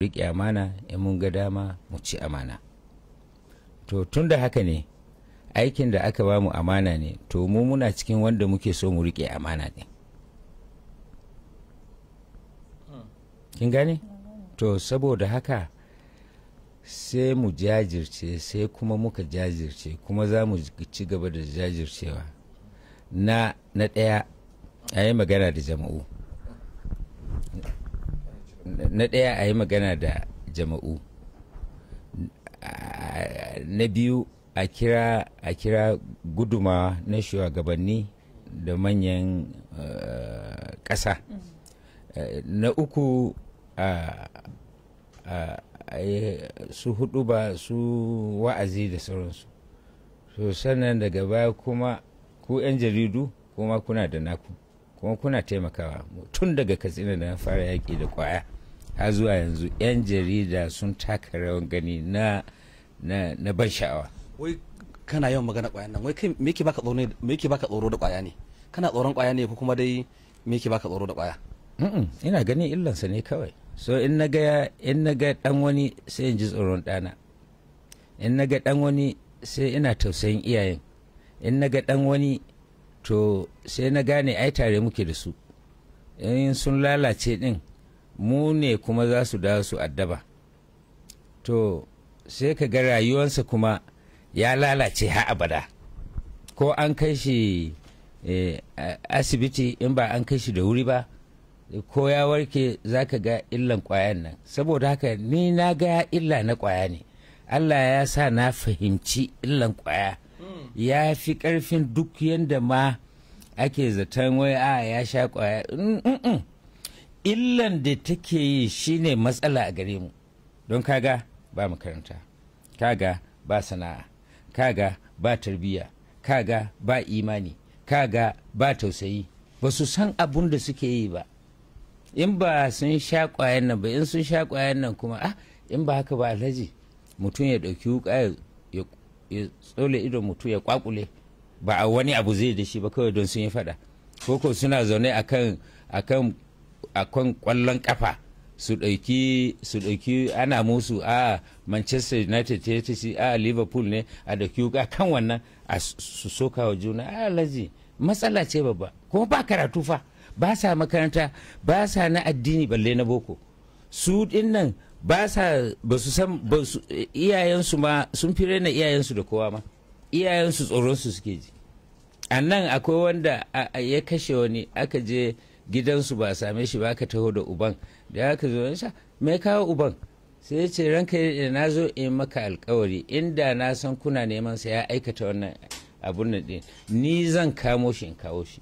riƙe amana in mun ga dama mu ci amana to tun da haka ne aikin da aka ba mu amana ne to mu muna cikin wanda muke so mu riƙe amana ne kin gane to saboda haka sai mu jajirce sai kuma muka jajirce kuma za mu ci gaba da jajircewa na na ɗaya a yi magana da jama'u na ɗaya a yi magana da jama'u na biyu a kira a kira guduma na shugabanni da manyan eh, ƙasa eh, na uku a su hudu ba su wa'azi da sauransu so sannan daga baya kuma ku 'yan jaridu kuma kuna da naku kuma kuna taimakawa tun daga katsina da na fara yaƙi da kwaya har zuwa yanzu 'yan jarida sun taka rawan gani na na ban sha'awa wai kana yawan magana kwayan nan wai kai me yake baka tsoro me yake baka tsoro da kwaya ne kana tsoron kwaya ne ko kuma dai me yake baka tsoro da kwaya ina ganin illansa ne kawai so in na ga in na ga dan wani sai in ji tsoron dana in na ga dan wani sai ina tausayin iyayen in na ga dan wani to sai na gane ai tare muke da su in sun lalace din mu ne kuma za su da su addaba to sai ka ga rayuwansa kuma ya lalace ha abada ko an kai shi eh, asibiti in ba an kai shi da wuri ba ko ya warke za ka ga illan kwayan nan saboda haka ni na ga illa na kwaya ne allah ya sa na fahimci illan kwaya ya fi karfin duk yadda ma ake zaton wai a ah, ya sha kwaya mm, mm, mm. illan da take yi shine matsala a gare mu don kaga ba makaranta kaga ba sana'a kaga ba tarbiyya kaga ba imani kaga ba tausayi ba su san abun da suke yi ba in ba sun sha kwayan nan ba in sun sha kwayan nan kuma ah in ba haka ba alhaji mutum ya ɗauki wuka ya tsole idon mutum ya kwakule ba a wani abu zai da shi ba kawai don sun yi fada koko suna zaune akan akan akwai kwallon kafa su ɗauki ana musu a manchester united ta ce a liverpool ne a ɗauki a kan wannan a su soka wa juna a alaji matsala ce babba kuma ba karatu fa ba sa makaranta ba sa na addini balle na boko su din nan ba sa ba su san ba su iyayensu ma sun fi raina iyayensu da kowa ma iyayensu tsoronsu suke ji a nan akwai wanda ya kashe wani aka je gidansu ba same shi ba ka taho da uban da ya ka zo sha me kawo uban sai ce ranka da na zo in maka alkawari inda na san kuna neman sa ya aikata wannan abun nan din ni zan kamo shi in kawo shi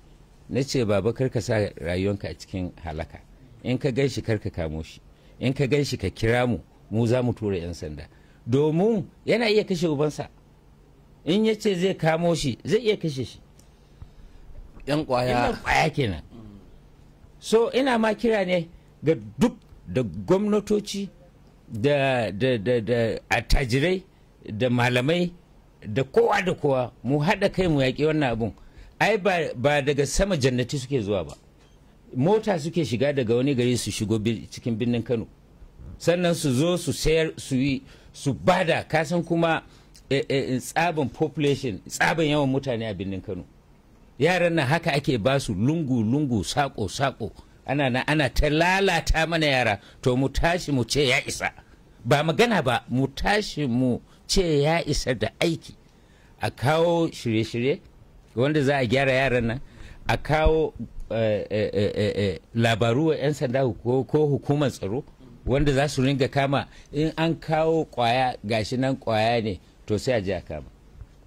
na ce baba kar ka sa rayuwanka a cikin halaka in ka gan kar ka kamo shi in ka gan ka kira mu mu za mu tura 'yan sanda domin yana iya kashe ubansa in ya ce zai kamo shi zai iya kashe shi yan kwaya kenan so ina ma kira ne ga duk da gwamnatoci da attajirai da malamai da kowa da kowa mu haɗa kai mu yaƙi wannan abun ai ba daga sama jannati suke zuwa ba mota suke shiga daga wani gari su shigo cikin birnin kano sannan su zo su sayar su yi su bada kasan kuma eh, eh, tsabin population tsabin yawan mutane a birnin kano yaran nan haka ake basu lungu lungu sako sako ana na ana ta lalata mana yara to mu tashi mu ce ya isa ba magana ba mu tashi mu ce ya isa da aiki a kawo shirye-shirye wanda za a gyara yaran nan a kawo eh, eh, eh, labaru wa 'yan sanda ko hukumar tsaro wanda za su ringa kama in an kawo kwaya gashi nan kwaya ne to sai a ji a kama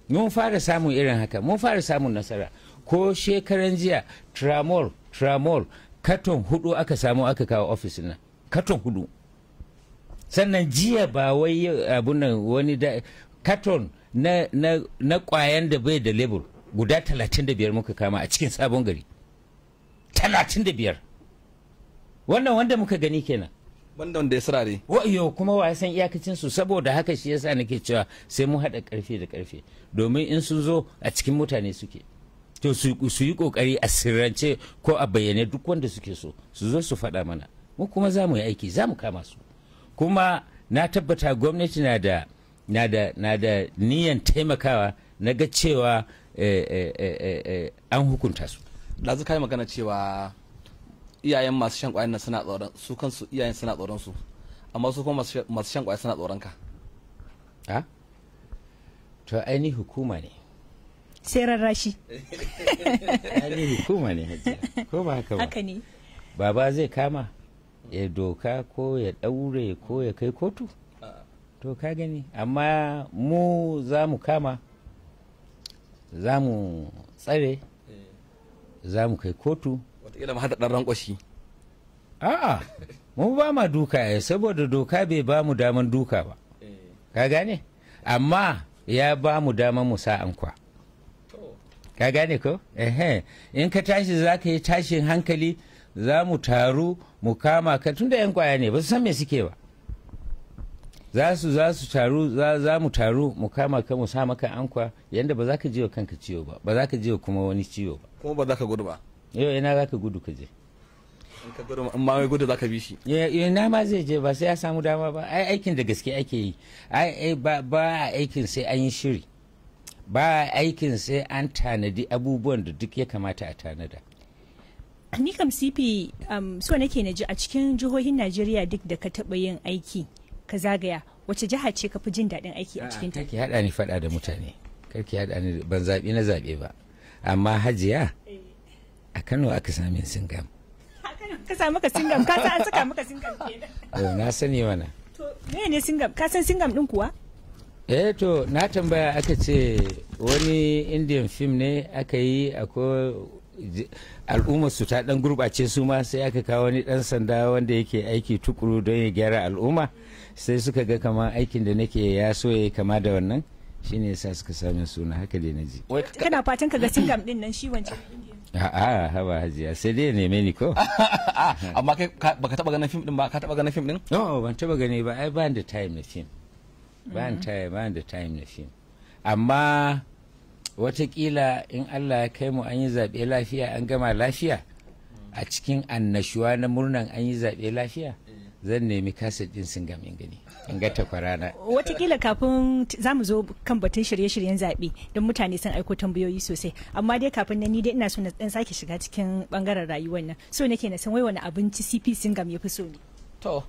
mun fara samun irin haka mun fara samun nasara ko shekaran jiya tramol tramol katon hudu aka samu aka kawo ofis nan katon hudu sannan jiya ba wai abun nan wani da katon na, na, na kwayan da bai da lebur guda 35 muka kama a cikin sabon gari 35 wannan wanda muka gani kenan wanda wanda ya sirare wayo kuma wa san iyakacin su saboda haka shi yasa nake cewa sai mu haɗa ƙarfe da ƙarfe domin in sun zo a cikin mutane suke to su yi kokari a sirrance ko a bayyane duk wanda suke so su zo su faɗa mana mu kuma za mu yi aiki za mu kama su kuma na tabbata gwamnati na da na da na da niyan taimakawa na ga cewa eh, eh, eh, an hukunta su da su kai magana cewa iyayen masu shan kwayan nan suna tsoron su kansu iyayen suna tsoron su amma su kuma masu shan kwayan suna tsoron ka ah? to ainihin hukuma ne sai rarrashi halibi kuma ne hajiya ko ba haka ba haka ne baba zai kama ya doka ko ya daure ko ya kai kotu to ka gani amma mu za mu kama za mu tsare eh. za mu kai kotu Wataƙila ma haɗa rankwashi a'a mu ba ma duka ya eh, saboda doka bai ba mu daman duka ba eh. ka gane amma ya ba mu daman mu sa'an kwa. ka gane ko ehe in ka tashi za ka yi tashin hankali za mu taru mu kama ka tunda yan kwaya ne ba su san me suke ba za su za su taru za mu taru mu kama ka mu sa maka ankwa yadda ba za ka ji wa kanka ciwo ba ba za ka ji wa kuma wani ciwo ba kuma ba za ka gudu ba yau ina za ka gudu ka je in ka gudu in ma wai gudu za ka bi shi ina ma zai je ba sai ya samu dama ba ai aikin da gaske ake yi ai ba ba aikin sai an yi shiri ba aikin sai an tanadi abubuwan da duk ya kamata a tanada ni kam sifi um, so nake na ji a cikin jihohin najeriya duk da ka taɓa yin aiki ka zagaya wace jiha ce ka fi jin daɗin aiki a cikin ta ki haɗa ni faɗa da mutane karki haɗa ni ban zabi na zaɓe ba amma hajiya eh. a kano aka sami singam ka samu ka singam ka san an saka maka singam kenan oh, na sani mana to me ne singam ka san singam din kuwa eh to na tambaya aka ce wani indian film ne aka yi akwai al'ummar su ta dan gurbace su ma sai aka kawo wani dan sanda wanda yake aiki tukuru don ya gyara al'umma sai suka ga kama aikin da nake ya so ya kama da wannan shine yasa suka sami suna haka dai naji kana fatan ka ga singam din nan shi wancan a'a haba hajiya sai dai neme ni ko amma kai baka taba ganin film din ba ka taba ganin film din no ban taba gani ba ai ba da time na film ban mm-hmm. ban da time na fim amma watakila in allah ya kai mu an yi zaɓe lafiya an gama lafiya a cikin annashuwa na murnan an yi zaɓe lafiya eh. zan nemi kasa ɗin sun gamin gani in ga takwarana watakila kafin za mu zo kan batun shirye-shiryen zaɓe don mutane sun aiko tambayoyi sosai amma dai kafin nan ni dai ina so na ɗan sake shiga cikin ɓangaren rayuwar nan so nake na san wai wani abinci cp sun gam ya fi so ne to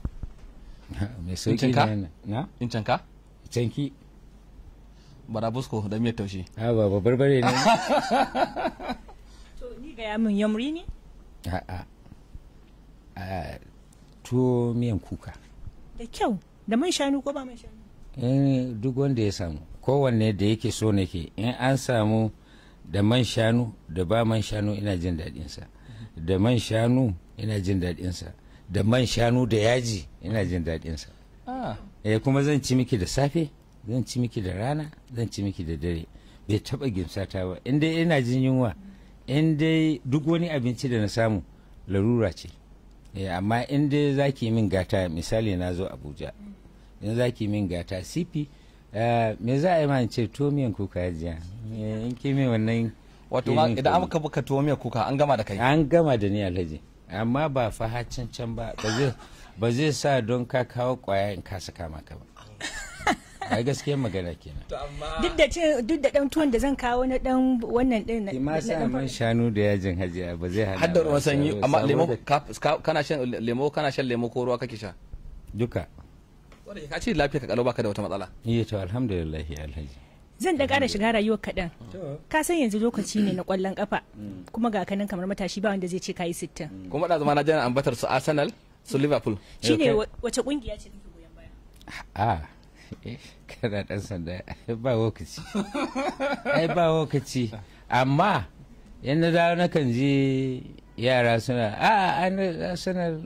me sauki ne na in canka canki barabusko da miyar taushe a ba ba barbare ne to ni ga yamin yamri ne a a tuwo miyan kuka da kyau da man shanu ko ba man shanu eh duk wanda ya samu kowanne da yake so nake in an samu da man shanu da ba man shanu ina jin daɗinsa da man shanu ina jin daɗinsa da man shanu da yaji ina jin daɗinsa ah. eh kuma zan ci miki da safe zan ci miki da rana zan ci miki da dare bai taba gimsata ba in dai ina jin yunwa in dai duk wani abinci da na samu larura ce eh, amma in dai za ki min gata misali na zo abuja in za ki min gata cp eh, me za a yi ma ce to miyan kuka jiya eh, in ki min wannan wato idan aka buka to miyan kuka an gama da kai an gama da ni alhaji amma ba fa hacin can ba ba zai sa don ka kawo kwaya in kasa kama ka ba ai gaskiya magana kenan duk da ce duk da dan tuwon da zan kawo na dan wannan din na ma sa man shanu da yajin hajiya ba zai hana haddar ruwan sanyi amma lemo kana shan lemo kana shan lemo ko ruwa kake sha duka ka ce lafiya ka kalau baka da wata matsala iya eh to alhamdulillah alhaji zan da kara shiga rayuwar kaɗan ka san yanzu lokaci ne na mm. ƙwallon ƙafa mm. kuma ga kanin kamar matashi ba wanda zai ce kayi sittin mm. kuma da zama na jana ambatar su arsenal su liverpool Shi ne wace ƙungiya ce take goyon baya a ah, eh, kana dan sanda ba lokaci ai ba lokaci amma yanda da na kan ji yara suna a ah, arsenal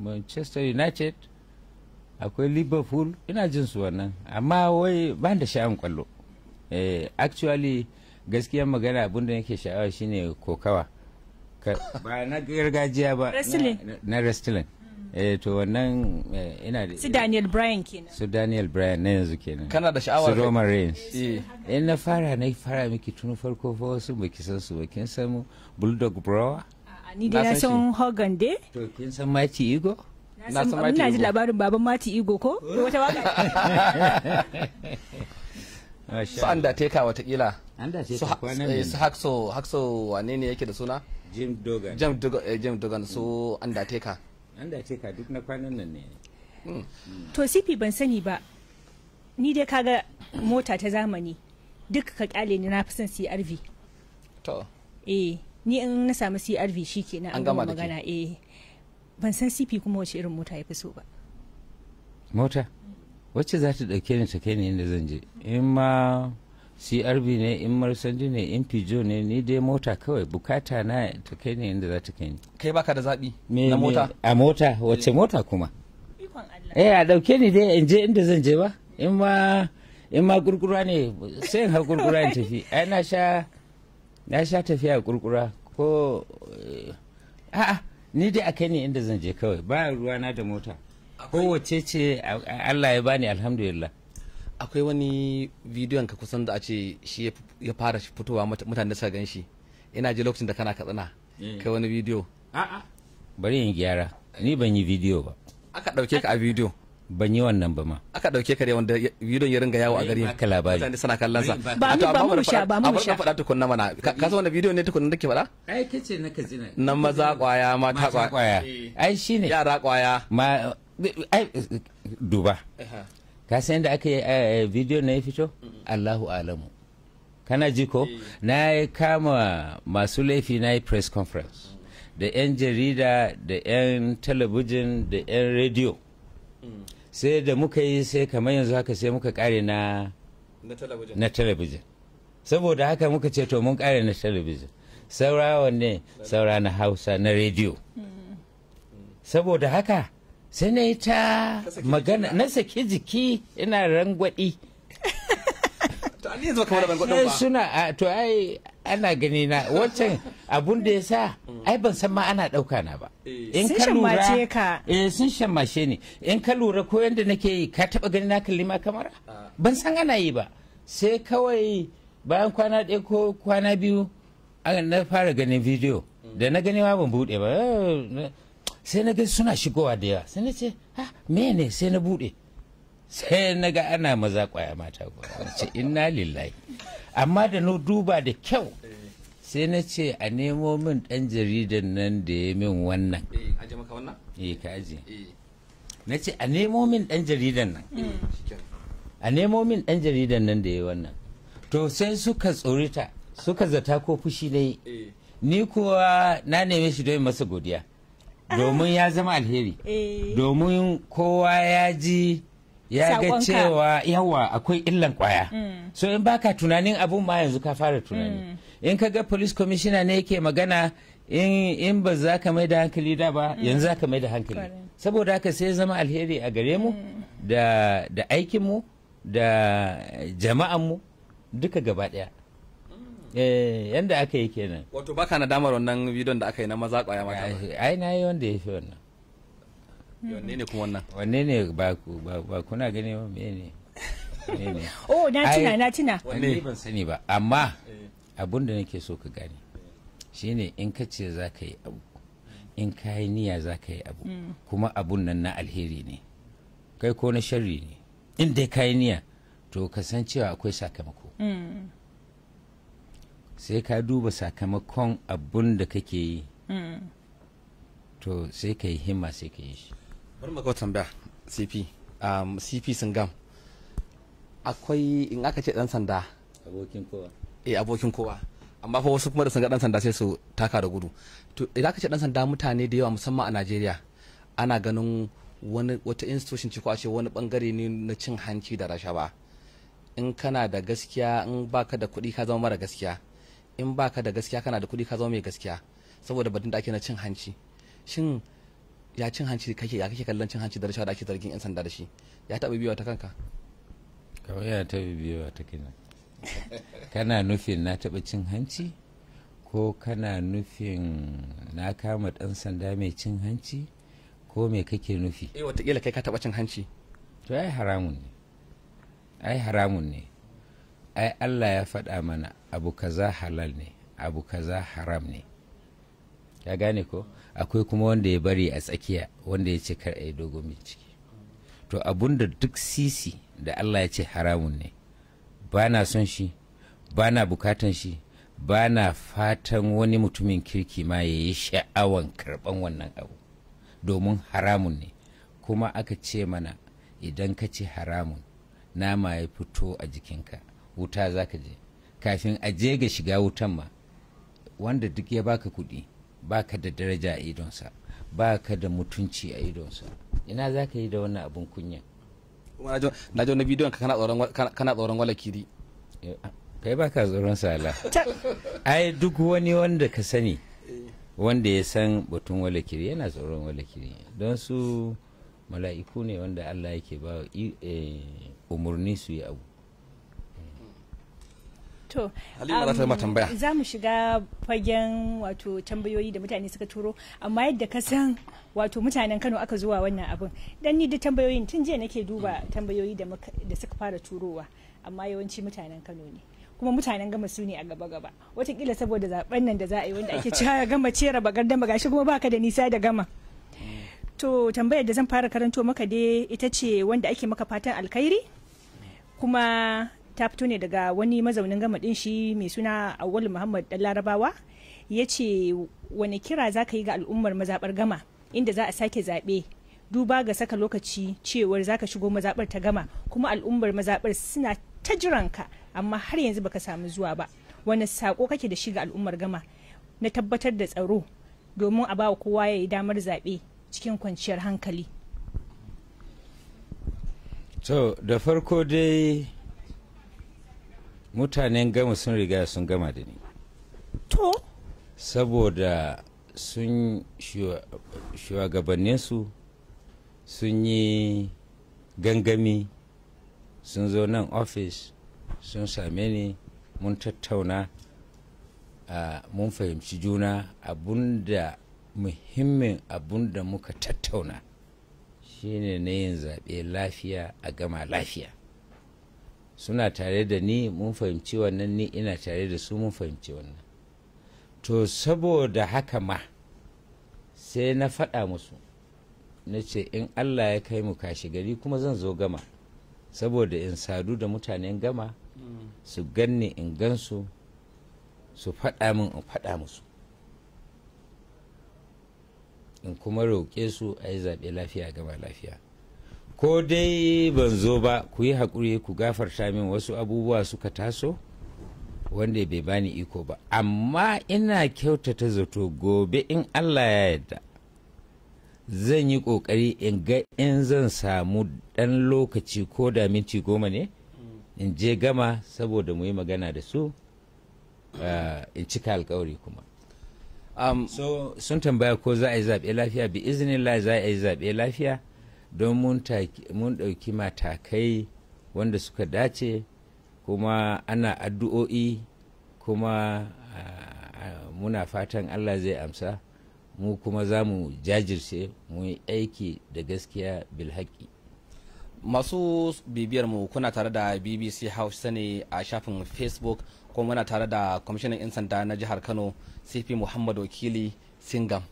manchester united akwai liverpool ina jin su wannan amma wai ban da sha'an kwallo eh actually gaskiya magana abin da nake sha'awa shine kokawa ba na gargajiya ba na wrestling eh to wannan eh, ina da su Daniel Bryan kenan su Daniel Bryan na yanzu kenan kana da sha'awa su Roman Reigns eh. in na fara na fara miki tun farko fa wasu baki san su ba kin mu Bulldog brawa ni dai na san Hogan dai to kin san Mighty Eagle na san igo ko wata waka su watakila hakso eh, hakso wane ne yake da suna jim dogan su to sifi ban sani ba ni dai kaga mota ta zamani duk ka kyale ni na fi son crv to eh ni in na samu crv shi shikenan an gama magana eh ban san cp kuma wace irin mota ya fi so ba mota wacce za ta ɗauke ni ta kai ni inda zan je in ma crb ne in marsandi ne in pijo ne ni dai mota kawai bukata na ta kai ni inda za ta kai ni kai baka da zaɓi na mota a mota wacce mota kuma eh a ɗauke ni dai in je inda zan je ba in ma in ma gurgura ne sai in hau gurgura in tafi ai na sha na sha tafiya gurgura ko eh, a'a ni dai a kai ne inda zan je kawai ba na da mota kowace ce Allah ya bani alhamdulillah akwai wani bidiyon ka kusan da a ce shi ya fara fitowa mutane suka gan shi ina ji lokacin da kana katsina eh. kai wani bidiyo a'a bari in gyara ni ban yi bidiyo ba aka dauke ka a bidiyo ban yi wannan ba ma aka dauke ka wanda yudon ya ringa yawo a eh, gari ka labari mutane suna kallon sa ba mu ba mu sha ba mu sha faɗa tukunna mana ka san wannan bidiyo ne tukunna ke faɗa ai kace na zina nan maza kwaya mata kwaya eh. ai shine yara kwaya ma ai duba ka san da aka yi eh, bidiyo na ya fito Allahu alamu kana ji ko na kama masu laifi na yi press conference mm. da 'yan jarida da 'yan talabijin da 'yan rediyo mm. sai da muka yi sai kamar yanzu haka sai muka kare na na talabijin saboda haka muka ce to mun kare na talabijin saura wanne saura na hausa na rediyo saboda haka sai na yi ta magana na saki jiki ina rangwaɗi to suna to ai ana gani na wancan abun da ya sa ai ban san ma ana dauka na ba eh. in ka lura eh sun shammace ni in ka lura ko yanda nake yi ka taba gani na kalli ma kamar ah. ban san ana yi ba sai kawai bayan kwana ɗaya ko kwana biyu na fara ganin bidiyo mm. da na gani ma ban buɗe ba eh, sai na ga suna shigowa da yawa sai na ce ha ah, me ne sai na buɗe sai na ga ana maza kwaya mata kwaya ce inna lillahi amma da na duba da kyau sai na ce a nemo min dan jaridan nan da ya min wannan eh ka aje eh, eh. na ce a nemo min dan jaridan nan eh, a nemo min dan jaridan nan da ya wannan to sai suka tsorita suka zata ko fushi dai ni kuwa na neme shi don masa godiya domin ya zama alheri domin kowa ya ji ya ga cewa yawa akwai illan kwaya mm. so in baka tunanin abun ma yanzu ka fara tunani mm. in ka ga police commissioner ne yake magana in, ba za ka mai da hankali da ba mm. yanzu za ka mai da hankali saboda haka sai zama alheri a gare mu da, aikin mu da mu duka gaba daya eh, yanda aka yi kenan wato baka na damar wannan bidiyon da aka yi na maza kwaya mata ai na yi wanda ya fi wannan wanne ne kuma wannan wanne ne ba ku ba kuna gani ba me ne oh na tuna na tuna wanne ban sani ba amma eh. abun da nake so ka gane shine in ka ce za ka yi abu in ka yi niyya za ka yi abu mm. kuma abun nan na alheri ne kai ko na sharri ne in dai ka yi niyya to ka san cewa akwai sakamako mm. sai ka duba sakamakon abun da kake yi mm. to sai ka yi himma sai ka yi shi bari mu ga tambaya cp um, cp gam akwai in aka ce dan sanda abokin kowa eh abokin kowa amma fa wasu kuma da sun ga dan sanda sai su taka da gudu to idan aka ce dan sanda mutane da yawa musamman a Najeriya ana ganin wani wata institution ce ko a ce wani bangare ne na cin hanci da rashawa in kana da gaskiya in baka da kuɗi ka zama mara gaskiya in baka da gaskiya kana da kuɗi ka zama mai gaskiya saboda batun da ake na cin hanci shin ya cin hanci kake ya kake kallon cin hanci da rashawa da ake zargin yan sanda da shi ya taɓa biyowa ta kanka kawai ya taɓa biyowa ta kenan kana nufin na taɓa cin hanci ko kana nufin na kama ɗan sanda mai cin hanci ko me kake nufi eh watakila kai ka taɓa cin hanci to ai haramun ne ai haramun ne ai allah ya faɗa mana abu kaza halal ne abu kaza haram ne ta gane ko akwai kuma wanda ya bari a tsakiya wanda ya ce kar a yi dogon bincike to abun da duk sisi da allah ya ce haramun ne ba na son shi ba na bukatan shi ba na fatan wani mutumin kirki ma ya yi sha'awan karban wannan abu domin haramun ne kuma aka ce mana idan ka ci haramun nama ya fito a jikinka wuta za ka je kafin a je ga shiga wutan ma wanda duk ya baka kuɗi baka da daraja a idonsa baka da mutunci a idonsa ina za ka yi da wannan abin kunya na na bidiyon ka kana tsoron wala kiri eh, ah, kai baka tsoron sala ai duk wani wanda ka sani wanda ya san batun wala yana tsoron wala don su mala'iku ne wanda allah yake ba eh, umarni su yi abu To, Halima za ta um, tambaya. Za mu shiga fagen wato tambayoyi da mutane suka turo, amma yadda ka san wato mutanen Kano aka zuwa wannan abin. Dan ni da tambayoyin tun jiya nake duba tambayoyi da suka fara turowa, amma yawanci mutanen Kano ne. kuma mutanen gama su ne a gaba-gaba watakila saboda zaben nan da za a yi wanda ake cewa gama cera raba gardan ba gashi kuma baka da nisa da gama to tambayar da zan fara karanto maka dai ita ce wanda ake maka fatan alkhairi kuma ta fito ne daga wani mazaunin gama din shi mai suna awal muhammad dan larabawa ya ce wani kira za ka yi ga al'ummar mazaɓar gama inda za a sake zaɓe duba ga saka lokaci cewar za ka shigo mazaɓar ta gama kuma al'ummar mazaɓar suna ta jiranka amma har yanzu baka samu zuwa ba wani sako kake da shi ga al'ummar gama na tabbatar da tsaro domin a ba kowa ya yi damar zaɓe cikin kwanciyar hankali. to da farko dai mutanen gama sun riga sun gama da ni to saboda sun shugabanninsu sun yi gangami sun zo nan ofis sun same ni mun tattauna mun fahimci juna abunda muhimmin da muka tattauna shine na yin zaɓe lafiya a gama lafiya suna tare da ni mun fahimci wannan ni ina tare da su mun fahimci wannan to saboda haka ma sai na faɗa musu na ce in allah ya kai mu kashi gari kuma zan zo gama saboda in sadu da mutanen gama su ganni in gansu su faɗa min in faɗa musu in kuma roƙe su a yi zaɓe lafiya gama lafiya ko dai ban zo ba ku yi haƙuri ku gafarta min wasu abubuwa suka taso wanda bai bani iko ba amma ina kyautata zato gobe in allah ya yarda zan yi ƙoƙari in ga in zan samu ɗan lokaci ko da minti goma ne in je gama saboda mu yi magana da su in cika alkawari kuma so sun tambaya ko za a yi zaɓe lafiya bi izinin za a yi zaɓe lafiya don mun ɗauki matakai wanda suka dace kuma ana addu'o'i kuma muna fatan allah zai amsa mu kuma za mu jajirce mu yi aiki da gaskiya bilhaki masu bibiyar mu kuna tare da bbc house ne a shafin facebook kuma muna tare da kwamishinan 'yan sanda na jihar kano cp muhammad wakili singam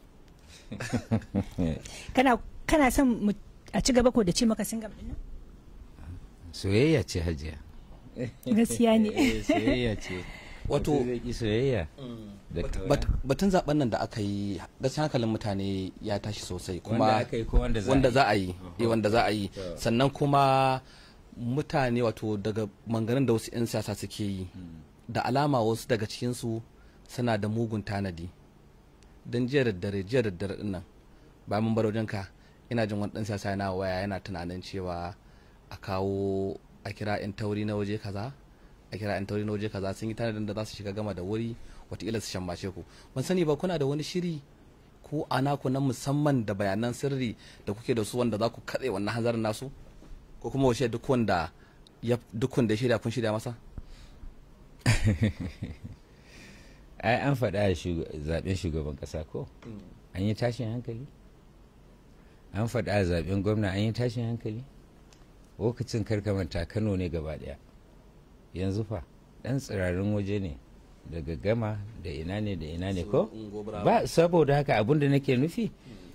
kana son a ci gaba ko da ce maka singam din soyayya ce hajiya gaskiya ne eh, soyayya ce wato soyayya mm. batun zaben nan da aka yi gaskiya hankalin mutane ya tashi sosai kuma wanda za a yi eh, wanda za a yi sannan kuma mutane wato daga manganin da wasu 'yan siyasa suke yi mm. da alama wasu daga cikinsu suna da mugun tanadi don jiya da dare jiya da dare nan ba mun bar ka. ina jin wani dan siyasa yana waya yana tunanin cewa a kawo a kira in tauri na waje kaza a kira in tauri na waje kaza sun yi tanadin da za su shiga gama da wuri wataƙila su shambace ku ban sani ba kuna da wani shiri ko ku na musamman da bayanan sirri da kuke da su wanda za ku katse wannan hanzarin nasu ko kuma wace duk wanda ya duk wanda ya shirya kun shirya masa ai an faɗa zaɓen shugaban ƙasa ko hmm. an yi tashin hankali an faɗa zaɓen gwamna an yi tashin hankali lokacin karkamanta kano ne gaba ɗaya yanzu fa ɗan tsirarin waje ne daga gama da ina ne da ina ne ko ba saboda haka abin da nake nufi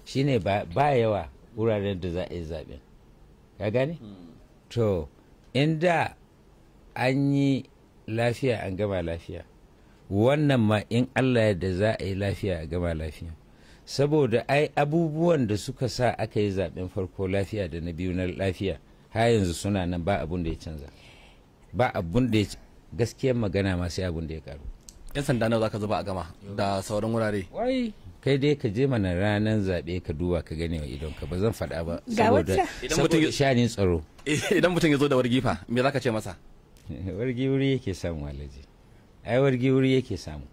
shine ba yawa wuraren da za a yi zaɓen ka gane hmm. to inda an yi lafiya an gama lafiya wannan ma in allah da za a yi lafiya a gama lafiya saboda ai abubuwan da suka sa aka yi zaben farko lafiya da na biyu na lafiya har yanzu suna nan ba abun da ya canza ba abun da ya gaskiyar magana ma sai abun da ya karu yan sanda nawa zaka zuba a gama da sauran wurare wai kai dai ka je mana ranar zabe ka duba ka gane wa idon ka ba zan faɗa ba saboda saboda shanin tsaro idan mutum ya zo da wargifa me zaka ce masa wargi wuri yake samu walaji ai wargi wuri yake samu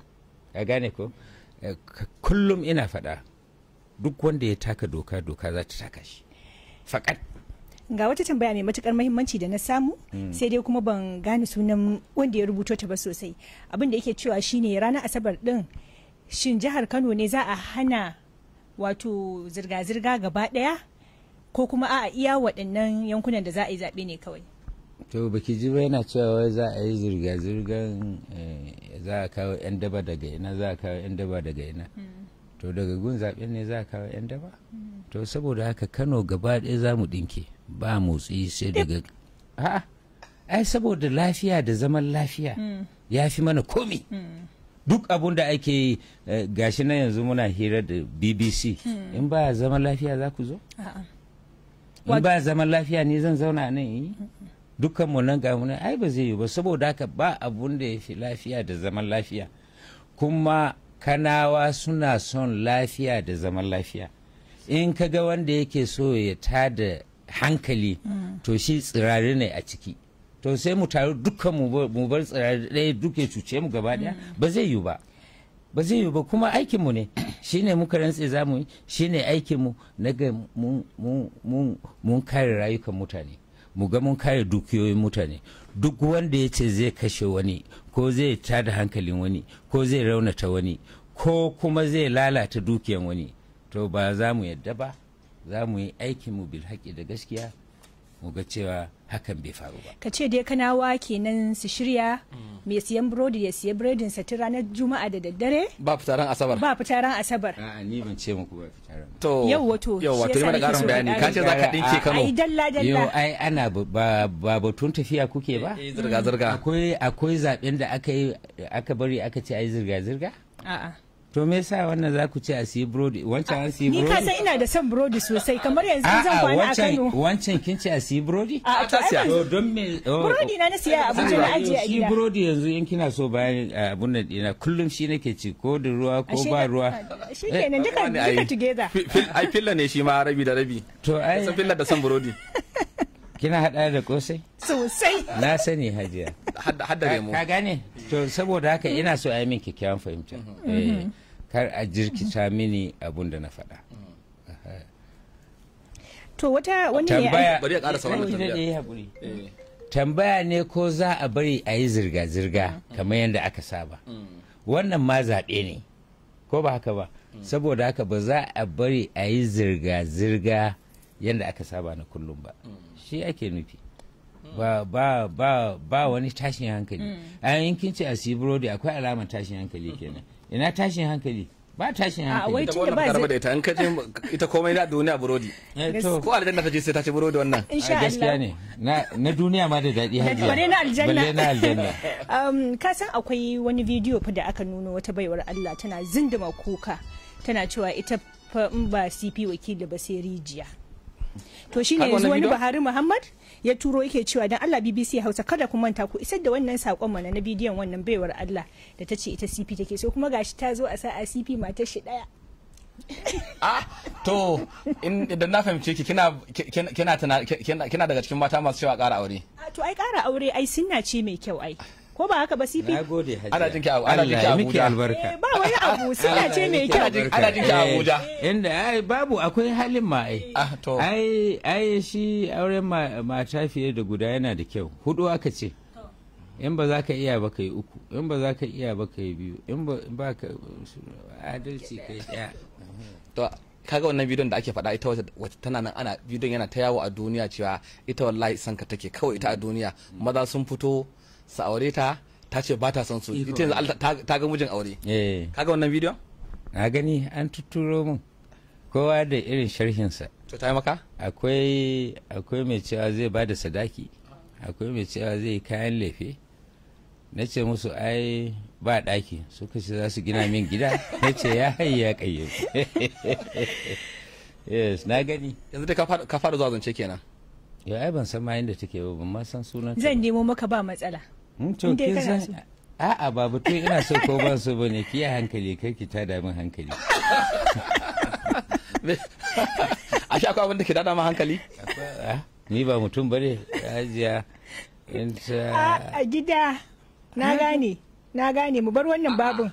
ka gane ko Eh, kullum ina faɗa duk wanda ya taka doka doka za ta taka shi fakat ga wata tambaya mai matukar mahimmanci da na samu mm. sai dai kuma ban gane sunan wanda ya rubuto ta ba sosai abin da yake cewa shine ranar asabar din shin jihar kano ne za a hana wato zirga-zirga gaba ɗaya? ko kuma a iya waɗannan yankunan da za a yi zaɓe ne kawai to baki ji ba yana cewa wai za a yi zirga-zirgan eh, za a kawo 'yan daba daga ina za a kawo 'yan daba daga ina hmm. to daga gun zaɓe ne za a kawo 'yan daba hmm. to saboda haka kano gaba ɗaya za mu ɗinke ba motsi sai daga a'a ai saboda lafiya da zaman lafiya hmm. ya fi mana komi duk abun da ake yi eh, gashi na yanzu muna hira da bbc in ba zaman lafiya za ku zo in ba zaman lafiya ne zan zauna nan yi dukkanmu nan ga muna ai ba zai yi ba saboda haka ba abun da ya fi lafiya da zaman lafiya kuma kanawa suna son lafiya da zaman lafiya in ka ga wanda yake so ya tada hankali mm. to shi tsirare ne a ciki to sai mu taru dukkan mu bar tsirare ɗaya duk ya cuce mu gaba daya mm. ba zai yiwu ba ba zai yiwu ba kuma aikinmu ne shine muka rantse za mu yi shine aikinmu na ga mun kare rayukan mutane mu ga mun kare dukiyoyin mutane duk wanda ya ce zai kashe wani ko zai ta da hankalin wani ko zai raunata wani ko kuma zai lalata dukiyan wani to ba za mu yadda ba za mu yi aikinmu bil haƙi da gaskiya mu ga cewa hakan bai faru ba ka ce dai kanawa kenan su shirya mm. mai siyan burodi ya siya buredin sa tun ranar juma'a da daddare ba fitaran asabar ba fitaran asabar a ni ban ce muku ba fitaran to yau wato yau wato yana karin bayani ka ce zaka dinke Kano ai dalla dalla yau ai ana ba ba batun tafiya kuke ba eh, eh, zirga zirga akwai akwai zaben da aka yi aka bari aka ce ai zirga zirga a'a to me yasa wannan za ku ce a siyi burodi wancan an siyi burodi ni ka san ina da son burodi sosai kamar yanzu zan kwana a Kano wancan kin ce a siyi burodi a to don me oh, oh. burodi na na siya Abuja na ajiye a gida shi burodi yanzu in kina so bayan eh, abun nan dina kullum shi nake ci ko da ruwa ko ba ruwa ah, shikenan duka duka together ai filla ne shi ma rabi da rabi to ai san filla da son burodi kina hada da kosai sosai na sani hajiya hadda lemu ka gane to saboda haka ina so a yi min kyakkyawan fahimta mm-hmm. eh. kar a jirkita mini abun da na faɗa to wata tambaya bari ya eh. tambaya ne ko za a bari a yi zirga-zirga kamar yadda aka saba mm. wannan ma zaɓe ne ko ba haka ba mm. saboda haka ba za a bari a yi zirga-zirga yadda aka saba na kullum ba mm. shi ake nufi ba ba ba ba wani tashin hankali a yankin ce a Sibirodi akwai alamar tashin hankali kenan ina tashin hankali ba tashin hankali a wai tunda da ita an kaje ita komai na duniya burodi eh, ko aljanna ta je sai ta ci burodi wannan insha gaskiya ne na duniya ma da dadi hajiya bare na aljanna bare na aljanna um ka san akwai wani bidiyo fa da aka nuno wata baiwar Allah tana zinduma kuka tana cewa ita fa in ba CP wakili ba sai rijiya to shine yanzu wani Buhari Muhammad ya turo yake cewa dan Allah BBC Hausa kada ku manta ku isar da wannan sakon mana na bidiyon wannan baiwar Allah da ta ce ita CP take so kuma gashi ta zo a sa'a CP matar shi daya ah to idan na fahimce ki kina daga cikin mata masu cewa ƙara aure to ai ƙara aure ai sunna ce mai kyau ai ko ba haka ba CP ana jinki abu ana jinki da albarka eh, ba wani abu suna ce mai kyau ana jinki da eh, eh. inda ai babu akwai halin ma ai ah, ai ai shi auren mata fiye da guda yana da kyau hudu aka ce in ba za ka iya ba ka yi uku in ba za ka iya ba ka yi biyu in ba ka adalci ka yi daya to kaga wannan bidiyon da ake faɗa ita wata tana nan ana bidiyon yana ta yawo a duniya cewa ita wallahi sanka take kawai ita a duniya maza sun fito sa aure ta ta ce ba ta son su ita yanzu ta ga mijin aure eh. ka ga wannan bidiyon na gani an tuturo mun kowa da irin sa to ta maka akwai akwai mai cewa zai ba da sadaki akwai mai cewa zai yi kayan lefe na ce musu ai ba daki suka ce za su gina min gida na ce ya hayya kayyo yes na gani yanzu dai ka fara zuwa zance kenan ya ai ban san ma inda take ba ban ma san sunan zan nemo maka ba matsala Hmm, to kin a'a ba batun ina so ko ban so bane ki yi hankali kai ki ta damin hankali a sha akwai abin da ke dada hankali ah, ni ba mutum bane ajiya a gida na hmm? gane na gane mu bar wannan a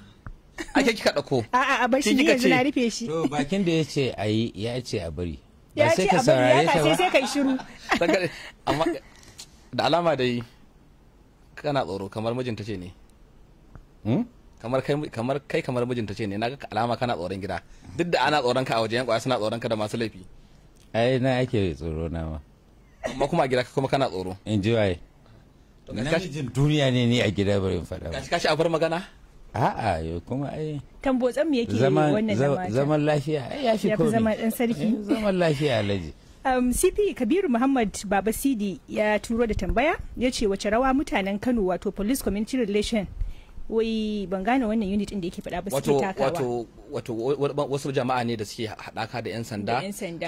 ake kika dauko a'a a bar shi yanzu na rufe shi to bakin da yace ayi ya ce a bari ya ce a bari ya sai sai kai shiru amma da alama da yi kana tsoro kamar mijinta ce ne hmm? kamar kai kamar kai kamar mijinta ce ne na ga alama kana tsoron gida duk da ana tsoron ka a wajen kwaya suna tsoron ka da masu laifi ai na ake tsoro na ma amma kuma a gida kuma kana tsoro in ji waye namijin duniya ne ni a gida bari in faɗa kashi kashi a bar magana a'a yo kuma ai tambotsan me yake wannan zaman zaman lafiya ai ya fi komai zaman dan sarki zaman lafiya alaji um, cp kabiru muhammad baba sidi ya turo da tambaya ya ce wace rawa mutanen kano wato police community relation wai ban gane wannan unit din da yake faɗa ba suke takawa wato wato wasu jama'a ne da suke haɗaka da yan sanda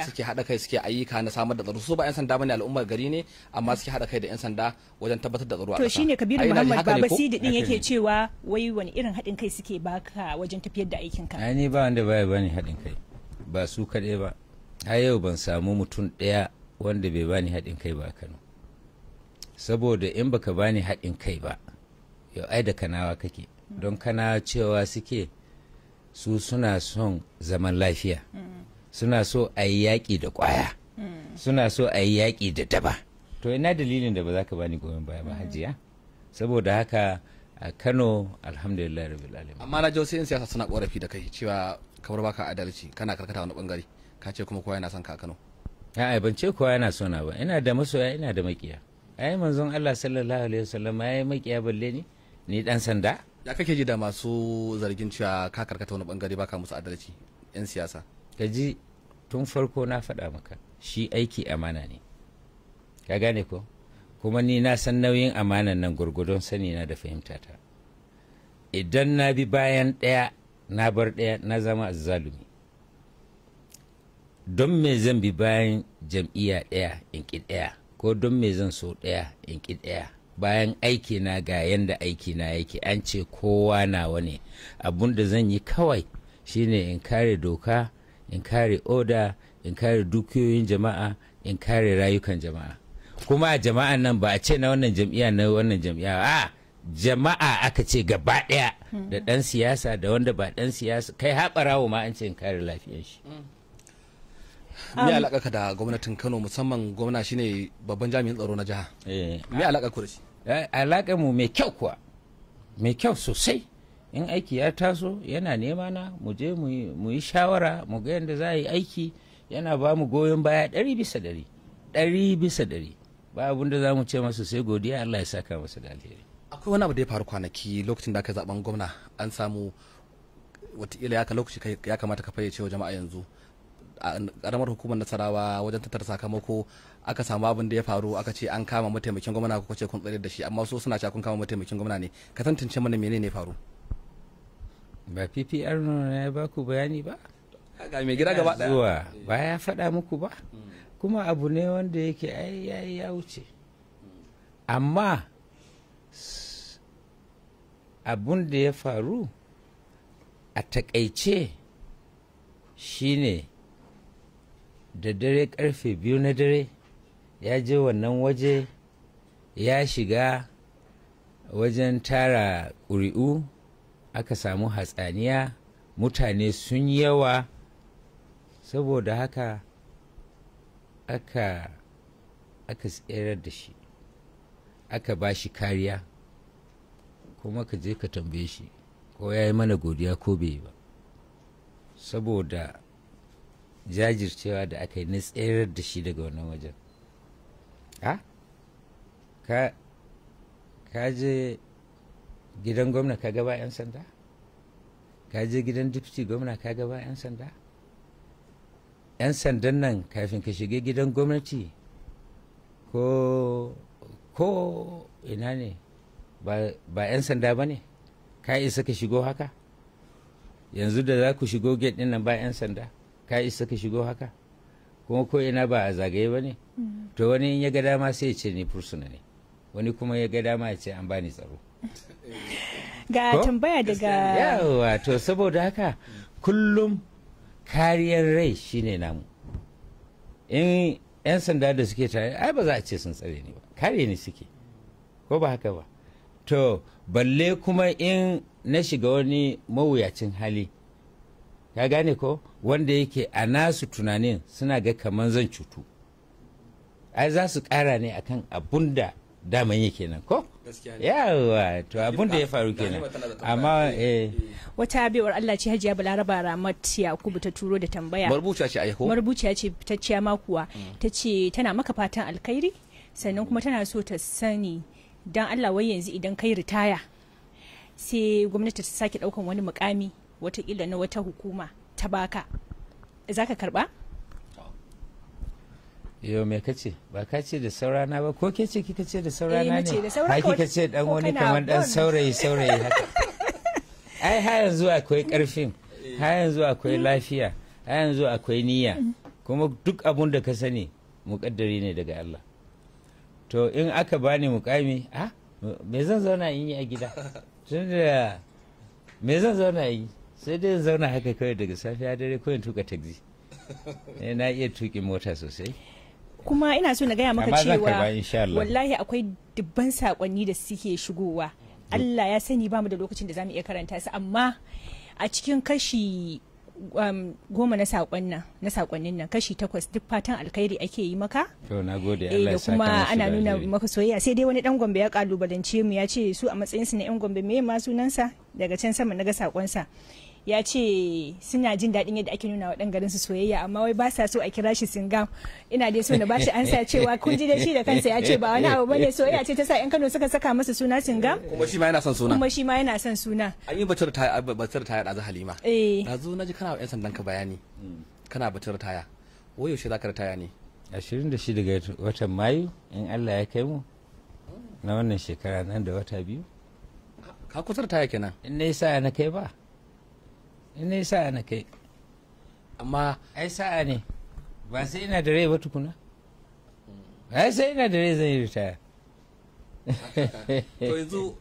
suke haɗa kai suke ayyuka na samar da tsaro su ba yan sanda bane al'ummar gari ne amma suke haɗa kai da yan sanda wajen tabbatar da tsaro a to shine kabiru muhammad baba sidi din yake cewa wai wani irin haɗin kai suke baka wajen tafiyar da aikin ka ni ba wanda baya bani haɗin kai ba su kaɗai ba har yau ban samu mutum ɗaya wanda bai bani haɗin kai ba kano saboda in baka bani haɗin kai ba yau ai da kanawa kake don kana cewa suke su suna son zaman lafiya suna so a yi yaƙi da ƙwaya suna so a yi yaƙi da daba to ina dalilin da ba za ka bani goyon baya ba hajiya saboda haka a kano alhamdulillah rabbil alamin amma na jawo sai 'yan siyasa suna korafi da kai cewa kamar baka adalci kana karkata wani bangare ka ce kuma kowa yana son kakano. a'a ban ce kowa yana sona ba ina da masoya ina da makiya ai manzon Allah sallallahu alaihi wasallam ai makiya balle ni ni dan sanda ya kake ji da masu zargin cewa ka karkata wani bangare baka musu adalci yan siyasa kaji tun farko na faɗa maka shi aiki amana ne ka gane ko kuma ni na san nauyin amanan nan gurgudun sani na da fahimta ta idan na bi bayan ɗaya na bar ɗaya na zama azzalumi don me zan bi bayan jam'iyya ɗaya in ƙi ɗaya ko don me zan so ɗaya in ƙi ɗaya bayan aiki na ga yanda na yake an ce kowa nawa ne abun da zan yi kawai shine in kare doka in kare oda in kare dukiyoyin jama'a in kare rayukan jama'a kuma a jama'a nan ba a ce na wannan jam'iyya na wannan jam'iyya a jama'a aka ce gaba ɗaya da ɗan siyasa da wanda ba ɗan siyasa kai haɓarawo ma an ce in kare lafiyar shi mm. me um, alaka ka da gwamnatin Kano musamman gwamna shine babban jami'in tsaro na jiha eh, me alaka ku da shi alaka mu mai kyau kuwa mai kyau sosai in aiki ya taso yana nema na mu je mu yi shawara mu ga yadda za a yi aiki yana ba mu goyon baya ɗari bisa ɗari ɗari bisa ɗari ba abin da za mu ce masu sai godiya Allah ya saka masa da alheri akwai wani abu da ya faru kwanaki lokacin da aka zaɓen gwamna an samu watakila ya lokaci ya kamata ka fayyace wa jama'a yanzu karamar hukumar nasarawa wajen tattara sakamako aka samu abin da ya faru aka ce an kama mataimakin gwamna ko ce kun tsare da shi amma so suna cewa kun kama mataimakin gwamna ne ka tantance mana menene ne faru ba PPR ne ba ku bayani ba ga mai gida gaba daya ba ya faɗa muku ba kuma abu ne wanda yake ai ya ya wuce amma abun da ya faru a takaice shine da dare karfe biyu na dare ya je wannan waje ya shiga wajen tara ƙuri'u aka samu hatsaniya mutane sun yawa saboda haka aka aka tserar da shi aka ba shi kariya kuma ka je ka tambaye shi ko ya yi mana godiya ko bai ba saboda jajircewa da aka yi na tserar da shi daga wannan wajen ha ka ka je gidan gwamna ka gaba 'yan sanda ka je gidan dipti gwamna ka gaba 'yan sanda 'yan sandan nan kafin ka shiga gidan gwamnati ko ko ina ne ba 'yan sanda ba ne ka isa ka shigo haka yanzu da za ku shigo gate din nan ba 'yan sanda ka isa ka shigo haka kuma ko ina ba a zagaye ba ne mm. to wani in ya ga dama sai ce ni fursuna ne wani kuma ya ga dama ya ce an bani tsaro ga tambaya daga yawa to saboda haka kullum kariyar rai shine namu in 'yan sanda da suke tare ai ba za a ce sun tsare ni ba kare ni suke ko ba haka ba to balle kuma in na shiga wani mawuyacin hali ka gane ko wanda yake a nasu tunanin suna ga kaman zan cutu ai za su kara ne akan abun da daman yake nan ko yawa to abun da ya faru kenan amma eh wata abewar Allah ce Hajiya Balaraba Ramat Yakubu ta turo da tambaya marbuciya ce aiko marbuciya ce fitacciya makuwa mm. tace tana maka fatan alkhairi sannan kuma tana so ta sani dan Allah wai yanzu idan kai ritaya sai gwamnati ta sake daukan wani mukami watakila na wata hukuma ta baka za ka karba? yau me kace ba ka ce da saurana ba ko ke ce kika ce da saurana eh, ne ba kika ce dan wani kamar dan saurayi saurayi haka ai ha yanzu akwai karfin ha yanzu akwai lafiya ha yanzu akwai niyya kuma duk abun da ka sani muƙaddari ne daga Allah to in aka bani mukami a ah, me zan zauna in yi a gida tunda me zan zauna in yi sai dai zauna haka kawai daga safiya dare kawai tuka taxi eh, na iya tuki mota sosai kuma ina so na gaya maka cewa wallahi akwai dubban sakonni da suke shigowa Allah ya sani bamu da lokacin da zamu iya karanta su amma a cikin kashi um, goma na nan na saƙonnin nan kashi takwas duk fatan alkhairi ake yi maka to na gode eh, Allah ya kuma ana nuna maka soyayya sai dai wani dan Gombe ya kalubalance mu ya ce su a matsayin su na yan Gombe me ma sunansa daga can sama naga saƙon sa ya ce suna jin daɗin yadda ake nuna wa ɗan garin su soyayya amma wai ba sa so a kira shi singam ina dai so na ba shi ansa cewa kun ji da shi da kansa ya ce ba wani abu bane soyayya ce ta sa yan Kano suka saka masa suna singam kuma shi ma yana son suna kuma shi ma yana son suna an yi batar ta batar ta da Halima eh dazu naji kana wa yan sandan ka bayani hmm. kana batar taya wai yaushe zaka taya ne 26 ga watan Mayu in Allah ya kai mu na wannan shekara nan da wata biyu ka kutar taya kenan in na sa'a na kai ba in ne sa'a na kai amma ai sa'a ne ba sai ina da rai ba tukuna ai sai ina da rai zan yi ritaya to yanzu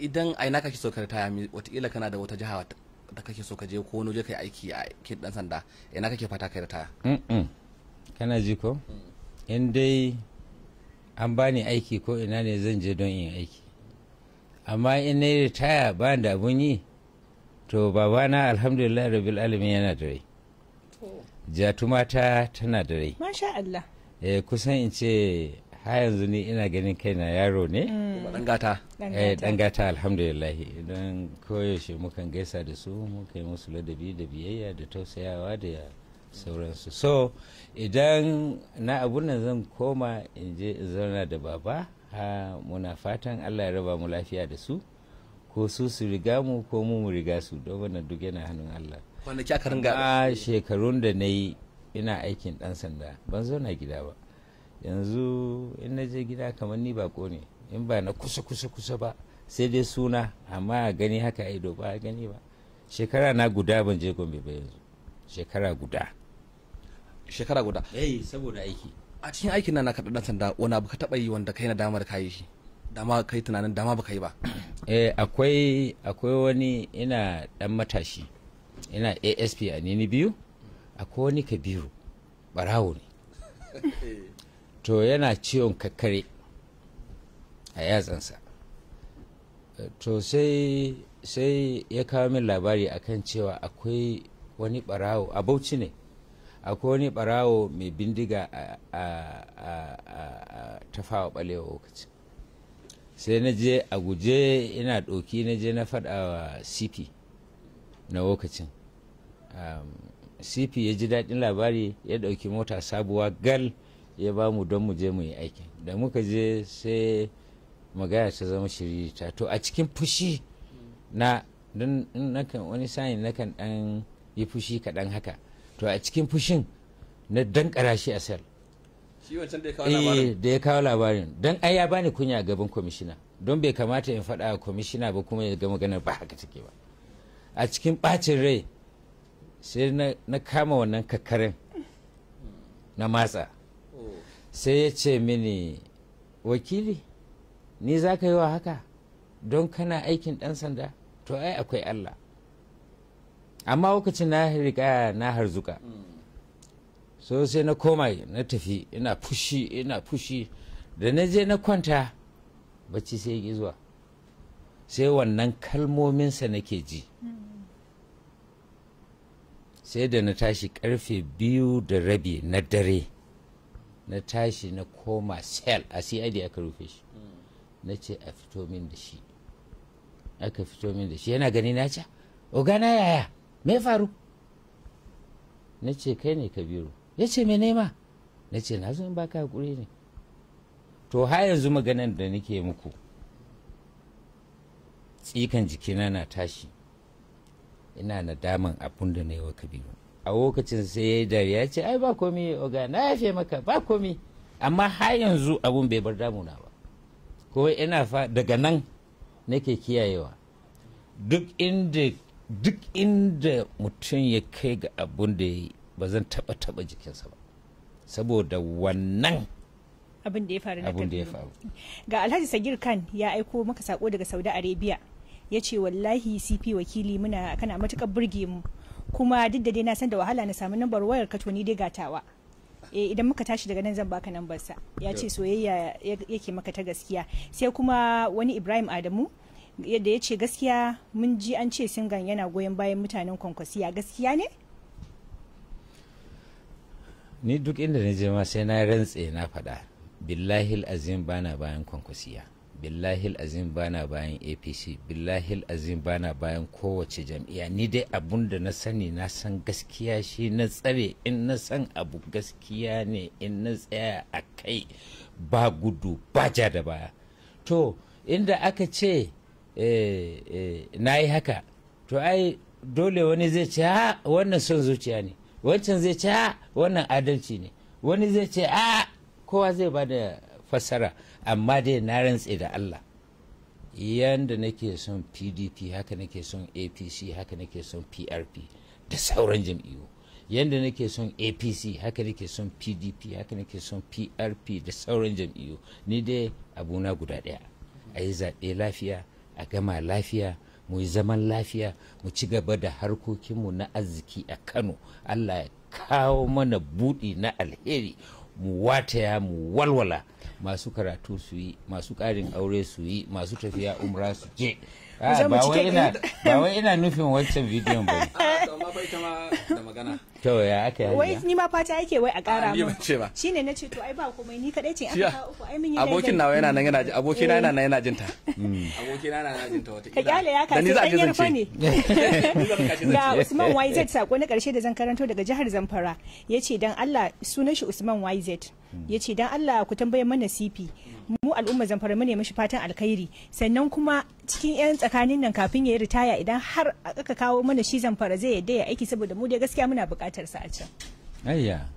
idan ai na kake so ka ritaya watakila kana da wata jiha da kake so ka je ko wani je kai aiki a kin dan sanda ina kake fata kai ritaya kana ji ko in dai an bani aiki ko ina ne zan je don yin aiki amma in na yi ritaya ba da abun yi to babana alhamdulillah rabbil alamin yana da rai ta tana da rai masha Allah eh kusan in ce ha yanzu ni ina ganin kaina yaro ne dangata mm. eh dangata alhamdulillah idan koyaushe mukan gaisa da su muka yi musu ladabi da biyayya da tausayawa da sauransu so idan na abun nan zan koma in je in zauna da baba muna fatan Allah ya raba mu lafiya da su ko su su riga mu ko mu mu riga su don wannan duk yana hannun Allah ki aka ringa a shekarun da na yi ina aikin dan sanda ban zauna gida ba yanzu in na je gida kamar ni bako ne in ba na kusa kusa kusa ba sai dai suna amma a gani haka ido ba a gani ba shekara na guda ban je gombe ba yanzu shekara guda shekara guda eh saboda aiki a cikin aikin nan na kaɗa ɗan sanda wani abu ka taɓa yi wanda kai na damar kayi shi dama kai tunanin dama baka yi ba eh akwai akwai wani ina dan matashi ina asp a nini biyu akwai wani kabiru barawo ne to yana ciwon kakkare a yatsansa to sai sai ya kawo min labari akan cewa akwai wani barawo a bauchi ne akwai wani barawo mai bindiga a tafawa balewa lokacin sai na je a guje ina ɗoki na je na faɗa wa cp na lokacin cp ya ji daɗin labari ya ɗauki mota sabuwa gal ya ba mu don mu je mu yi aikin da muka je sai magana ta zama shiririta to a cikin fushi na don nakan wani sa'in kan ɗan yi fushi kaɗan haka to a cikin fushin na dankara shi a sel shi da ya kawo eh, labarin eh da ya kawo labarin don ai ya bani kunya gaban kwamishina don bai kamata in faɗa a kwamishina ba kuma ya ga maganar ba haka take ba a cikin ɓacin rai sai na kama wannan kakarin na matsa sai ya ce mini wakili ni za ka yi wa haka don kana aikin ɗan sanda to ai akwai allah amma lokacin na riga na harzuka hmm. so sai na koma na tafi ina fushi ina fushi da na je na kwanta bacci sai ya zuwa sai wannan kalmominsa nake ji sai da na tashi karfe biyu da rabi na dare na tashi na koma sel a cid aka rufe shi na ce a fito min da shi aka fito min da shi yana gani na ce ogana yaya me faru na ce kai ne kabiru ya ce me nema na ce na zuwa baka hakuri ne to har yanzu maganan da nake muku tsikan jikina na tashi ina nadaman abun da na yi wa kabiru a lokacin sai ya yi ya ce ai ba komi oga na yafe maka ba komi amma har yanzu abun bai bar damuna ba ko ina fa daga nan nake kiyayewa duk inda duk inda mutum ya kai ga abun da ya yi ba zan taɓa taɓa jikinsa ba saboda wannan abin da ya faru abin da ya faru ga alhaji sagir khan ya aiko maka sako daga saudi arabia ya ce wallahi cp wakili muna kana matukar burge mu kuma duk da dai na san da wahala na samu nambar wayar ka ni dai gatawa eh, idan muka tashi daga nan zan baka nambar sa ya ce soyayya yake maka ta gaskiya sai kuma wani ibrahim adamu yadda ya ce gaskiya mun ji an ce singan yana goyon bayan mutanen kwankwasiya gaskiya ne ni duk inda na je ma sai na rantse na faɗa billahi azim bana bayan kwankwasiya billahil azim bana bayan apc billahil azim bana bayan kowace jam'iyya ni dai abun da na sani na san gaskiya shi na tsare in na san abu gaskiya ne in na tsaya a kai ba gudu ba ja da baya to inda aka ce eh, eh, na yi haka to ai dole wani zai ce ha wannan son zuciya ne wancan zai ce a ah, wannan adalci ne wani zai ce a ah, kowa zai ba da fassara amma dai na rantse da allah yadda nake son pdp haka nake son apc haka nake son prp da sauran jam'iyyu yanda nake son apc haka nake son pdp haka nake son prp da sauran jam'iyyu ni dai abuna guda ɗaya a yi zaɓe lafiya a gama lafiya mu yi zaman lafiya mu ci gaba da harkokinmu na arziki a kano allah ya kawo mana buɗi na alheri mu wataya mu walwala masu karatu su yi masu ƙarin aure su yi masu tafiya umra su je ah, ba wai ina nufin wancan bidiyon ba ah, kawai ya aka yi wai ni ma fata yake wai a kara mu shi ne shine na ce to ai ba komai ni kadai ce aka uku ai mun yi abokin nawa yana nan yana ji abokin na eh. yana nan yana jin ta hmm. abokin na yana jin ta wata ka kyale ya ka an yi rufa ne ga Usman YZ sako na karshe da zan karanto daga jihar Zamfara yace dan Allah sunan shi Usman YZ yace dan Allah ku tambaye mana CP mu al'umma zamfara mu ne mashi fatan alkhairi sannan kuma cikin yan tsakanin nan kafin ya ritaya idan har aka kawo mana shi zamfara zai yadda ya aiki saboda mu dai gaskiya muna buƙatar sa a can ayya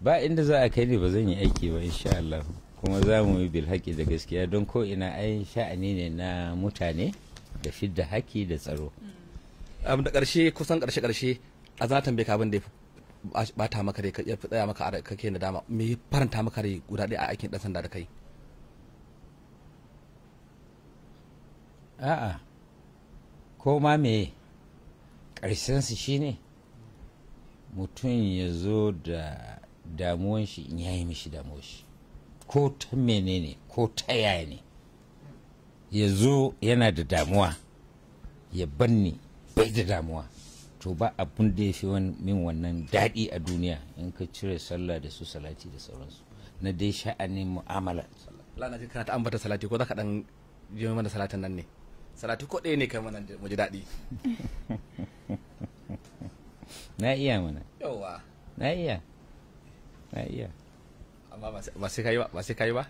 ba inda za a kai ne ba zan yi aiki ba insha Allah kuma za mu yi haƙi da gaskiya don ko ina ai sha'ani ne na mutane da fidda haƙi da tsaro da ƙarshe kusan ƙarshe ƙarshe a za tambaye ka abin da ya ta maka rai ya fi tsaya maka a kake nadama me faranta maka rai guda ɗaya a aikin ɗan sanda da kai a'a ko ma me ƙarshensu shine mutum ya zo da damuwan shi in yayi mishi damuwan shi ko ta menene ko ta yaya ne ya zo yana da damuwa ya banni bai da damuwa to ba abun da ya fi min wannan daɗi a duniya in ka cire sallah da su salati da sauransu na dai sha'anin mu'amala lana ji kana ta ambata salati ko za ka ɗan je mana salatin nan ne salatu ko ɗaya ne kai mana mu ji daɗi na iya mana yawa na iya na iya amma ba sai kai ba ba sai kai ba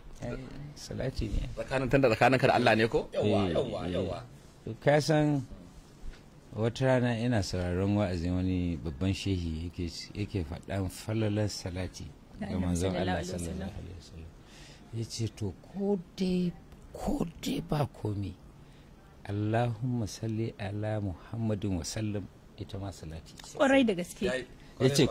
salati ne tsakanin tanda tsakanin ka da Allah ne ko yawa eh, yawa eh. yawa ka san wata rana ina sauraron wa'azin wani babban shehi yake faɗan falalar salati ga manzon Allah sallallahu alaihi wasallam yace ce to ko dai ko dai ba komai Allahumma salli ala Muhammadin wa sallam ita ma salati kwarai da gaske ya ce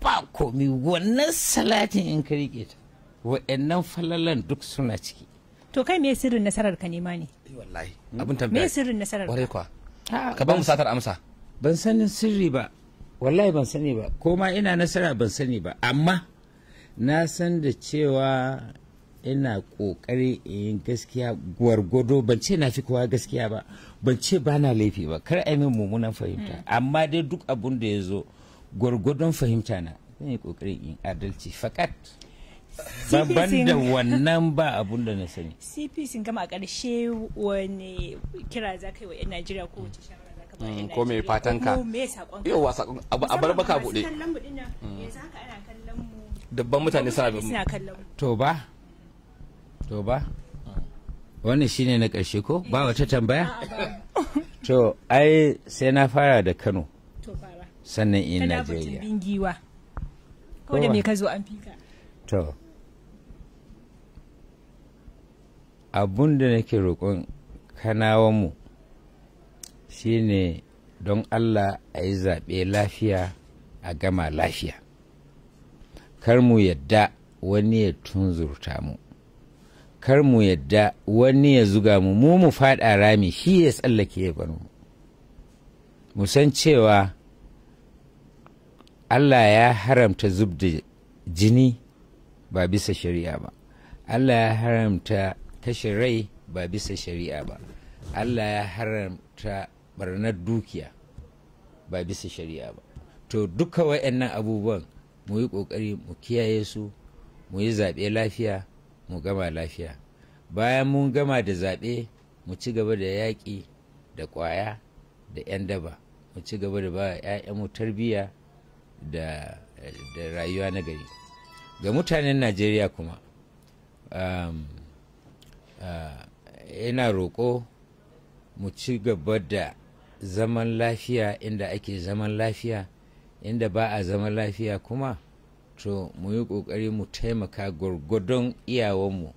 ba komi wannan salatin in ka rike ta wa'annan falalan duk suna ciki to kai me sirrin nasarar ka nema ne eh, wallahi hmm? abin tambaya me sirrin nasarar kwarai kwa ka ba mu amsa ban sanin sirri ba wallahi ban sani ba ko ma ina nasara ban sani ba amma na san da cewa ina kokari in yi gaskiya gwargwado ban ce na fi kowa gaskiya ba ban ce ba na laifi ba kar a min mummunan fahimta hmm. amma dai duk abun da ya zo gwargwadon fahimta na zan yi kokari in adalci fakat babban da wannan ba abun da na sani cp sun gama a ƙarshe wani kira za ka yi wa 'yan najeriya ko wace shara hmm, ko mai fatan ka yawa sakon a bar baka bude dabban mutane suna kallon mu to ba to ba wannan ne na ƙarshe ko ba wata tambaya to ai sai na fara da kano To fara. sannan in najeriya Kana giwa. ko da me ka zo an fika to abun da nake roƙon kanawanmu shi ne don allah a yi zaɓe lafiya a gama lafiya kar mu yadda wani ya tunzurta mu kar mu yadda wani ya zuga mu mu mu faɗa rami shi ya tsallake ya bar mu mu san cewa Allah ya haramta zub da jini ba bisa shari'a ba Allah ya haramta kashe rai ba bisa shari'a ba Allah ya haramta barnar dukiya ba bisa shari'a ba to duka waɗannan abubuwan mu yi ƙoƙari mu kiyaye su mu yi zaɓe lafiya mu gama lafiya bayan mun gama da zaɓe mu ci gaba da yaƙi da ƙwaya da 'yan daba mu ci gaba da ba mu tarbiyya da rayuwa na gari ga mutanen najeriya kuma yana um, uh, roƙo mu ci gaba da zaman lafiya inda ake zaman lafiya inda ba a zaman lafiya kuma to mu yi ƙoƙari mu taimaka gwargwadon iyawanmu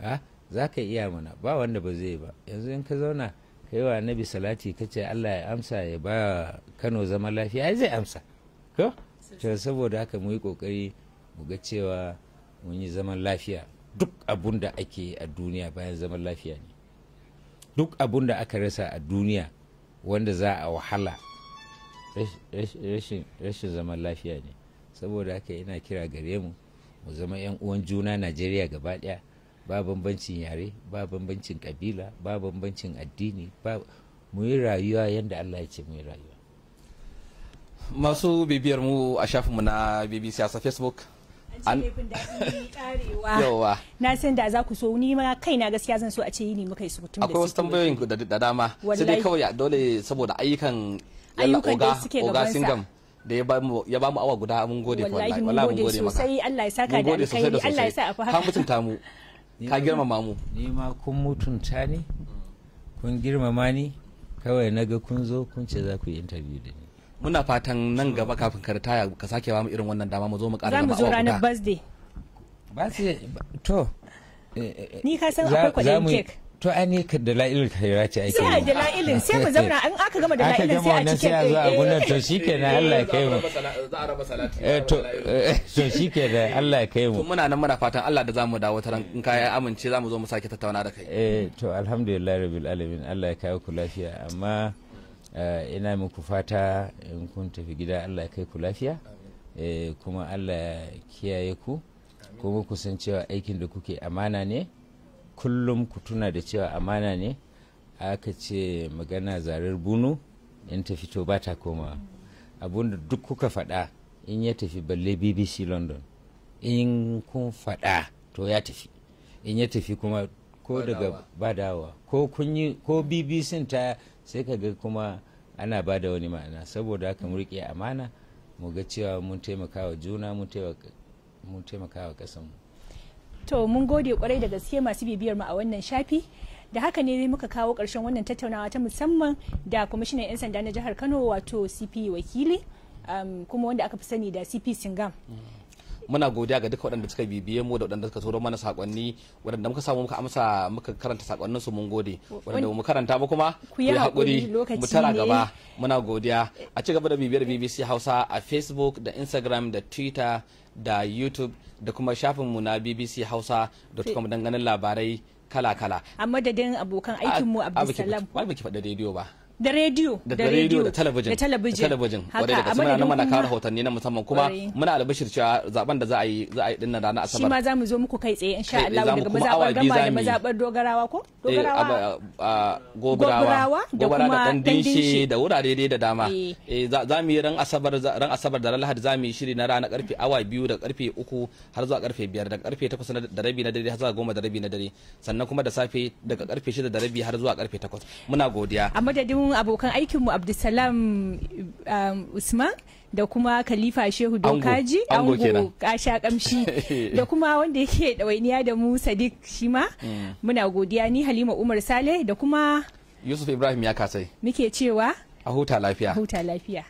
ha ah, za ka iya mana ba wanda ba zai ba yanzu in ka zauna ka yi wa nabi salati ka ce allah ya amsa ya ba kano zama lafiya ya zai amsa ko to saboda haka mu yi ƙoƙari mu ga cewa mun yi zaman lafiya duk abun da ake a duniya bayan zaman lafiya ne duk abun da aka rasa a duniya wanda za a wahala rashin zaman lafiya ne saboda haka yana kira gare mu mu zama 'yan uwan juna najeriya gaba daya ba bambancin yare ba bambancin kabila ba bambancin addini ba mu yi rayuwa yadda allah ya ce mu yi rayuwa masu bibiyar mu a shafinmu na bbc a facebook an yawa na san da za ku so ni ma kaina gaskiya zan so a ce yi ne muka yi da akwai wasu tambayoyin da dama sai dai kawai dole saboda ayyukan ayyukan da suke gabansa da ya bamu ya bamu awa guda mun gode wallahi mun gode sosai Allah ya saka da alkhairi Allah ya sa a fa ka mutunta mu ka girmama mu ni ma kun mutunta ni kun girmama ni kawai naga kun zo kun ce za ku yi interview da ni muna fatan nan gaba kafin ka ritaya ka sake ba mu irin wannan dama mu zo mu ƙara gaba za mu zo ranar birthday ba sai to eh, eh, ni ka san akwai kwaɗayin cake to an yi da la'ilin yi ce ake sai a da la'ilin sai mu zauna an aka gama da la'ilin sai a cikin ɗaya. gama ke sai a zo a gudan to Allah ya kai mu to Allah kai mu muna nan muna fatan Allah da mu dawo ta in kai amince za mu zo mu sake tattauna da kai eh to alhamdulillah rabbil alamin Allah ya kawo ku lafiya amma eh, ina muku fata in kun tafi gida Allah ya kai ku lafiya eh, kuma Allah ya kiyaye ku kuma ku san cewa aikin da kuke amana ne kullum ku tuna da cewa amana ne aka ce magana zarar bunu in ta fito ba ta komawa abinda duk kuka faɗa in ya tafi balle bbc london in kun faɗa to ya tafi in ya tafi kuma ko daga badawa ko ko bbc ta sai ka ga kuma ana ba da wani ma'ana saboda haka mu riƙe amana mu ga cewa mun taimaka wa juna mun taimaka wa ƙasanmu to mun gode kwarai da gaske masu bibiyar mu a wannan shafi da haka ne muka kawo ƙarshen wannan tattaunawa ta musamman da kwamishinan 'yan sanda na jihar kano wato cp wakili um, kuma wanda aka fi sani da cp singam muna godiya ga duka waɗanda suka bibiye mu da waɗanda suka turo mana sakonni waɗanda muka samu muka amsa muka karanta sakonnin su mun gode waɗanda mu karanta ba kuma ku yi hakuri mu tara gaba muna godiya a ci gaba da bibiyar BBC Hausa a Facebook da Instagram da Twitter da YouTube da kuma shafinmu na BBC Hausa da kuma dangane labarai kala-kala. A madadin abokan aikinmu Abdulsalam. Ba ki faɗa rediyo ba. da rediyo da rediyo da talabijin da talabijin haka da gaske muna mana kawo rahotanni na musamman kuma muna albashir cewa zaben da za a yi za a yi din ranar asabar shi ma za mu zo muku kai tsaye insha Allah daga mazabar gamba da mazabar dogarawa ko eh, dogarawa gobarawa da kuma dan dinshi da wurare dai da dama eh, eh za mu yi ran asabar ran asabar da lalahad lahadi za mu yi shiri na rana karfe awa biyu da karfe uku har zuwa karfe biyar da karfe takwas da rabi na dare har zuwa goma da rabi na dare sannan kuma da safe daga karfe shida da rabi har zuwa karfe takwas muna godiya a madadin hannun abokan aikinmu abdulsalam um, usman da kuma khalifa shehu dokaji ango kasha kamshi da kuma wanda yake ɗawainiya da mu sadiq shima mm. muna godiya ni halima umar sale da kuma yusuf ibrahim ya kasai muke cewa a huta lafiya huta lafiya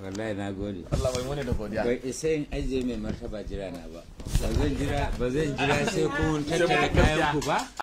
wallahi na gode Allah mai muni da godiya bai isa yin ajiye mai martaba jira na ba ba zan jira sai kun tattara kayan ku ba